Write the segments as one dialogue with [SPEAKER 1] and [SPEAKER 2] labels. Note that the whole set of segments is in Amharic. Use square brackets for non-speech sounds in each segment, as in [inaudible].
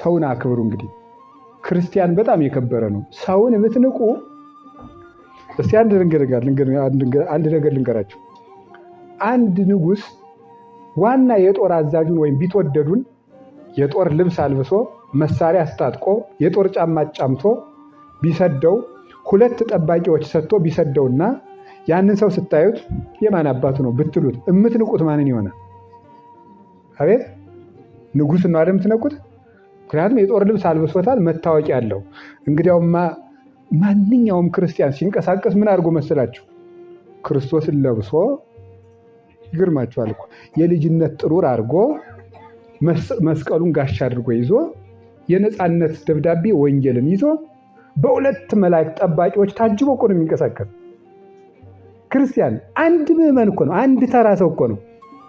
[SPEAKER 1] ሰውን አክብሩ። እንግዲህ ክርስቲያን በጣም የከበረ ነው። ሰውን የምትንቁ እስቲ አንድ አንድ ነገር ልንገራቸው። አንድ ንጉስ ዋና የጦር አዛዡን ወይም ቢትወደዱን የጦር ልብስ አልብሶ መሳሪያ አስታጥቆ የጦር ጫማ ጫምቶ ቢሰደው ሁለት ጠባቂዎች ሰጥቶ ቢሰደውና ያንን ሰው ስታዩት የማን አባቱ ነው ብትሉት፣ የምትንቁት ማንን ይሆናል? አቤት ንጉስ ነው አይደል የምትነቁት? ምክንያቱም የጦር ልብስ አልብሶታል፣ መታወቂያ አለው። እንግዲያውማ ማንኛውም ክርስቲያን ሲንቀሳቀስ ምን አድርጎ መሰላችሁ? ክርስቶስን ለብሶ ይገርማችኋል እኮ የልጅነት ጥሩር አድርጎ መስቀሉን ጋሻ አድርጎ ይዞ የነፃነት ደብዳቤ ወንጌልን ይዞ በሁለት መላእክት ጠባቂዎች ታጅቦ እኮ ነው የሚንቀሳቀስ ክርስቲያን። አንድ ምዕመን እኮ ነው፣ አንድ ተራ ሰው እኮ ነው።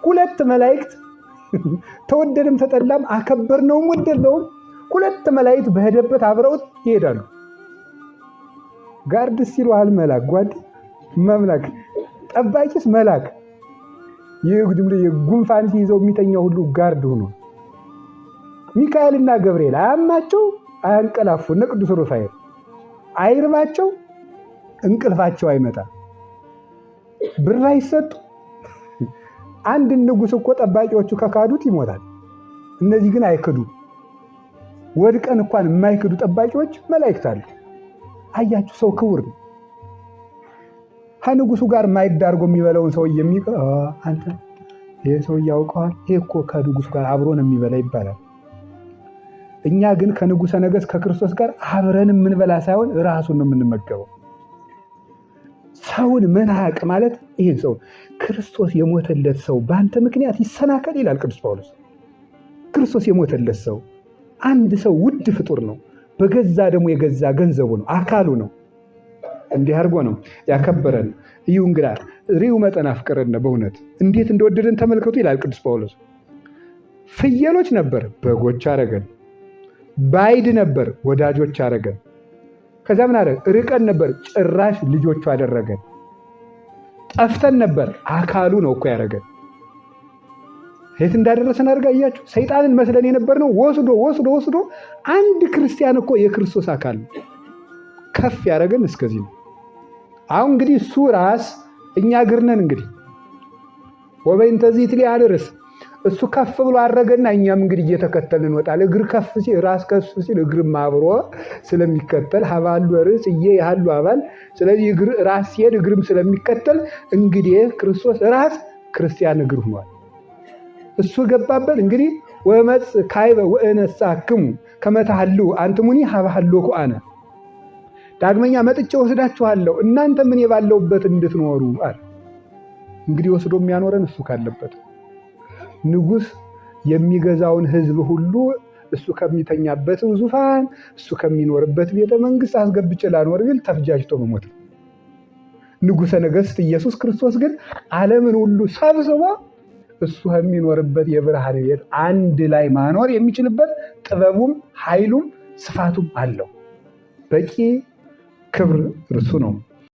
[SPEAKER 1] ሁለት መላእክት [laughs] ተወደደም ተጠላም አከበር አከበርነውም ወደለውም ሁለት መላእክት በሄደበት አብረውት ይሄዳሉ። ጋርድስ ይሉሃል መላክ ጓድ መምላክ፣ ጠባቂስ መላክ መልአክ። የጉንፋን ሲይዘው የሚተኛው ሁሉ ጋርድ ሆኖ ሚካኤልና ገብርኤል አያማቸው አያንቀላፉ። እነ ቅዱስ ሩፋኤል አይርባቸው፣ እንቅልፋቸው አይመጣ ብር አይሰጡ አንድን ንጉሥ እኮ ጠባቂዎቹ ከካዱት ይሞታል። እነዚህ ግን አይክዱ። ወድቀን እንኳን የማይክዱ ጠባቂዎች መላእክት አሉ። አያችሁ፣ ሰው ክቡር ነው። ከንጉሱ ጋር ዳርጎ የሚበላውን ሰው የሚቀ አንተ ይህ ሰው ያውቀዋል፣ ይህ እኮ ከንጉሱ ጋር አብሮ ነው የሚበላ ይባላል። እኛ ግን ከንጉሰ ነገስት ከክርስቶስ ጋር አብረን የምንበላ ሳይሆን ራሱን ነው የምንመገበው። ሰውን መናቅ ማለት ይህን ሰው ክርስቶስ የሞተለት ሰው በአንተ ምክንያት ይሰናከል ይላል ቅዱስ ጳውሎስ። ክርስቶስ የሞተለት ሰው አንድ ሰው ውድ ፍጡር ነው። በገዛ ደግሞ የገዛ ገንዘቡ ነው፣ አካሉ ነው። እንዲህ አድርጎ ነው ያከበረን። እዩ እንግዳ ሪው መጠን አፍቅረን በእውነት እንዴት እንደወደደን ተመልከቱ ይላል ቅዱስ ጳውሎስ። ፍየሎች ነበር፣ በጎች አረገን። ባይድ ነበር፣ ወዳጆች አረገን። ከዚያ ምን አደረገ? ርቀን ነበር ጭራሽ ልጆቹ አደረገን። ጠፍተን ነበር አካሉ ነው እኮ ያደረገን። የት እንዳደረሰን አድርጋ እያችሁ ሰይጣንን መስለን የነበር ነው። ወስዶ ወስዶ ወስዶ አንድ ክርስቲያን እኮ የክርስቶስ አካል ከፍ ያደረገን እስከዚህ ነው። አሁን እንግዲህ እሱ ራስ እኛ ግርነን እንግዲህ ወበይንተዚህ ትሊ አልርስ እሱ ከፍ ብሎ አረገና እኛም እንግዲህ እየተከተል እንወጣል። እግር ከፍ ሲል ራስ ከፍ ሲል እግርም አብሮ ስለሚከተል ሀባሉ ርዕስ እየ ያህሉ አባል። ስለዚህ ራስ ሲሄድ እግርም ስለሚከተል እንግዲህ ክርስቶስ ራስ ክርስቲያን እግር ሆኗል። እሱ ገባበት እንግዲህ ወመፅ ካይበ ከመታሉ ከመታሃሉ አንትሙኒ ሀባሃሎኩ አነ ዳግመኛ መጥቼ ወስዳችኋለሁ እናንተ ምን ባለሁበት እንድትኖሩ አለ። እንግዲህ ወስዶ የሚያኖረን እሱ ካለበት ንጉሥ የሚገዛውን ህዝብ ሁሉ እሱ ከሚተኛበት ዙፋን እሱ ከሚኖርበት ቤተ መንግስት አስገብቼ ላኖር ቢል ተፍጃጅቶ መሞት ነው። ንጉሠ ነገሥት ኢየሱስ ክርስቶስ ግን ዓለምን ሁሉ ሰብስቦ እሱ ከሚኖርበት የብርሃን ቤት አንድ ላይ ማኖር የሚችልበት ጥበቡም ኃይሉም ስፋቱም አለው። በቂ ክብር እርሱ ነው።